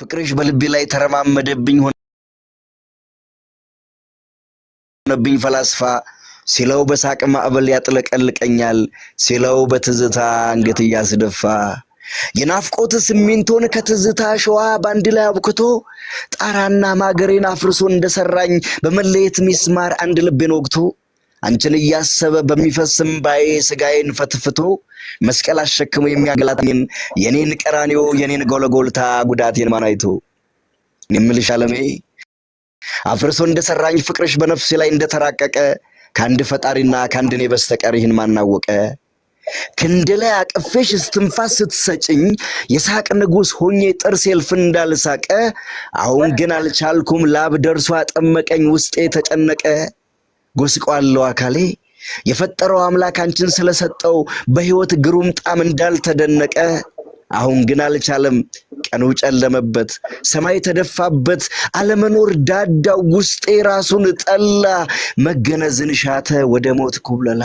ፍቅርሽ በልቤ ላይ ተረማመደብኝ ሆነብኝ ፈላስፋ ሲለው በሳቅ ማዕበል ያጥለቀልቀኛል ሲለው በትዝታ አንገት እያስደፋ የናፍቆት ሲሚንቶን ከትዝታ ሸዋ በአንድ ላይ አብክቶ ጣራና ማገሬን አፍርሶ እንደሰራኝ በመለየት ሚስማር አንድ ልቤን ወግቶ አንቺን እያሰበ በሚፈስም ባዬ ስጋዬን ፈትፍቶ መስቀል አሸክሞ የሚያገላታኝን የኔን ቀራንዮ የኔን ጎለጎልታ ጉዳቴን ማን አይቶ የምልሽ ዓለሜ አፍርሶ እንደሰራኝ ፍቅርሽ በነፍሴ ላይ እንደተራቀቀ ከአንድ ፈጣሪና ከአንድ እኔ በስተቀር ይህን ማናወቀ ክንድ ላይ አቅፌሽ እስትንፋስ ስትሰጭኝ የሳቅ ንጉሥ ሆኜ ጥርስ የልፍ እንዳልሳቀ አሁን ግን አልቻልኩም ላብ ደርሶ አጠመቀኝ ውስጤ ተጨነቀ ጎስቋለው አካሌ የፈጠረው አምላክ አንቺን ስለሰጠው በህይወት ግሩም ጣም እንዳልተደነቀ አሁን ግን አልቻለም። ቀኑ ጨለመበት፣ ሰማይ ተደፋበት፣ አለመኖር ዳዳው፣ ውስጤ ራሱን ጠላ፣ መገነዝን ሻተ ወደ ሞት ኩብለላ።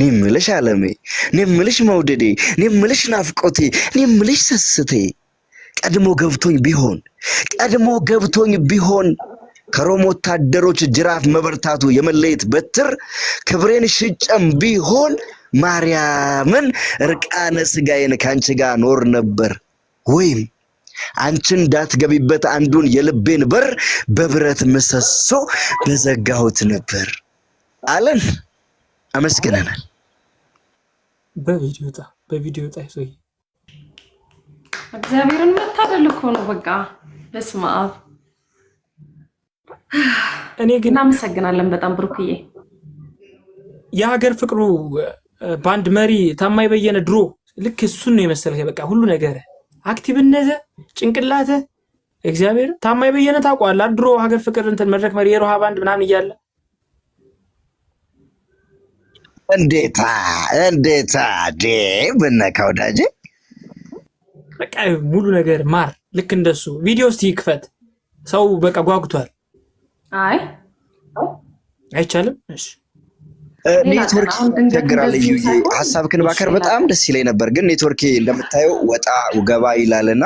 እኔ እምልሽ ዓለሜ፣ እኔ መውደዴ፣ እኔ ናፍቆቴ፣ እኔ እምልሽ ስስቴ ቀድሞ ገብቶኝ ቢሆን ቀድሞ ገብቶኝ ቢሆን ከሮም ወታደሮች ጅራፍ መበርታቱ የመለየት በትር ክብሬን ሽጨም ቢሆን ማርያምን እርቃነ ስጋዬን ከአንቺ ጋር ኖር ነበር ወይም አንቺ እንዳትገቢበት አንዱን የልቤን በር በብረት ምሰሶ በዘጋሁት ነበር አለን። አመስግነናል። በቪዲዮ ጣ በቪዲዮ ጣ ሰውዬ እግዚአብሔርን መታደል እኮ ነው። በቃ በስመ አብ እኔ ግን እናመሰግናለን በጣም ብሩክዬ። የሀገር ፍቅሩ ባንድ መሪ ታማኝ በየነ ድሮ ልክ እሱን ነው የመሰለ በቃ ሁሉ ነገር አክቲቭነት ጭንቅላተ እግዚአብሔር ታማኝ በየነ ታውቀዋለህ። ድሮ ሀገር ፍቅር እንትን መድረክ መሪ የሮሃ ባንድ ምናምን እያለ እንዴታ እንዴታ ዴ ብነካ በቃ ሙሉ ነገር ማር ልክ እንደሱ ቪዲዮ እስቲ ክፈት። ሰው በቃ ጓጉቷል። አይ አይቻልም። እሺ ኔትወርክ ይቸግራል። ሀሳብክን ባከር በጣም ደስ ይለኝ ነበር፣ ግን ኔትወርክ እንደምታየው ወጣ ገባ ይላል እና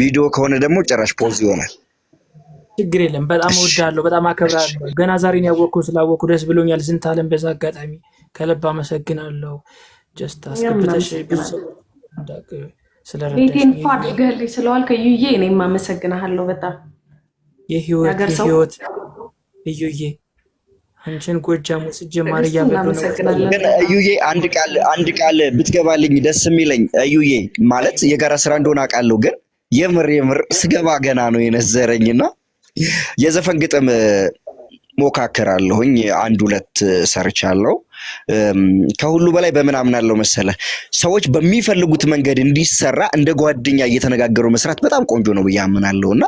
ቪዲዮ ከሆነ ደግሞ ጭራሽ ፖዝ ይሆናል። ችግር የለም። በጣም እወዳለሁ፣ በጣም አከብራለሁ። ገና ዛሬን ያወቅኩ ስላወቅኩ ደስ ብሎኛል። ዝንት አለም በዛ አጋጣሚ ከልብ አመሰግናለሁ። ጀስት አስገብተሽ ብዙ ስለዋልከ እኔም አመሰግናለሁ በጣም የህይወት እዩዬ አንቺን ጎጃም ውስጥ ማርያ ነው። ግን እዩዬ አንድ ቃል አንድ ቃል ብትገባልኝ ደስ የሚለኝ እዩዬ ማለት የጋራ ስራ እንደሆነ አውቃለሁ። ግን የምር የምር ስገባ ገና ነው የነዘረኝና የዘፈን ግጥም ሞካከራለሁኝ አንድ ሁለት ሰርቻለሁ። ከሁሉ በላይ በምን አምናለሁ መሰለ ሰዎች በሚፈልጉት መንገድ እንዲሰራ እንደ ጓደኛ እየተነጋገሩ መስራት በጣም ቆንጆ ነው ብዬ አምናለሁና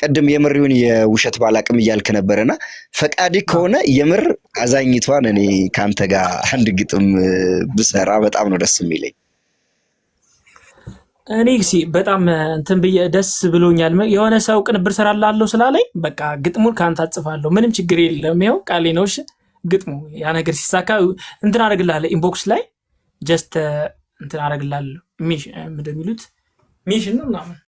ቅድም የምሪውን የውሸት ባላቅም እያልክ ነበረና ፈቃዲ ከሆነ የምር አዛኝቷን እኔ ከአንተ ጋር አንድ ግጥም ብሰራ በጣም ነው ደስ የሚለኝ። እኔ በጣም እንትን ብዬ ደስ ብሎኛል። የሆነ ሰው ቅንብር ሰራላለሁ ስላለኝ በቃ ግጥሙን ከአንተ አጽፋለሁ፣ ምንም ችግር የለም። ይኸው ቃሌ ነው። ግጥሙ ያ ነገር ሲሳካ እንትን አደርግልሃለሁ፣ ኢንቦክስ ላይ ጀስት እንትን አደርግልሃለሁ። ምንድን ነው የሚሉት ሚሽን ነው ምናምን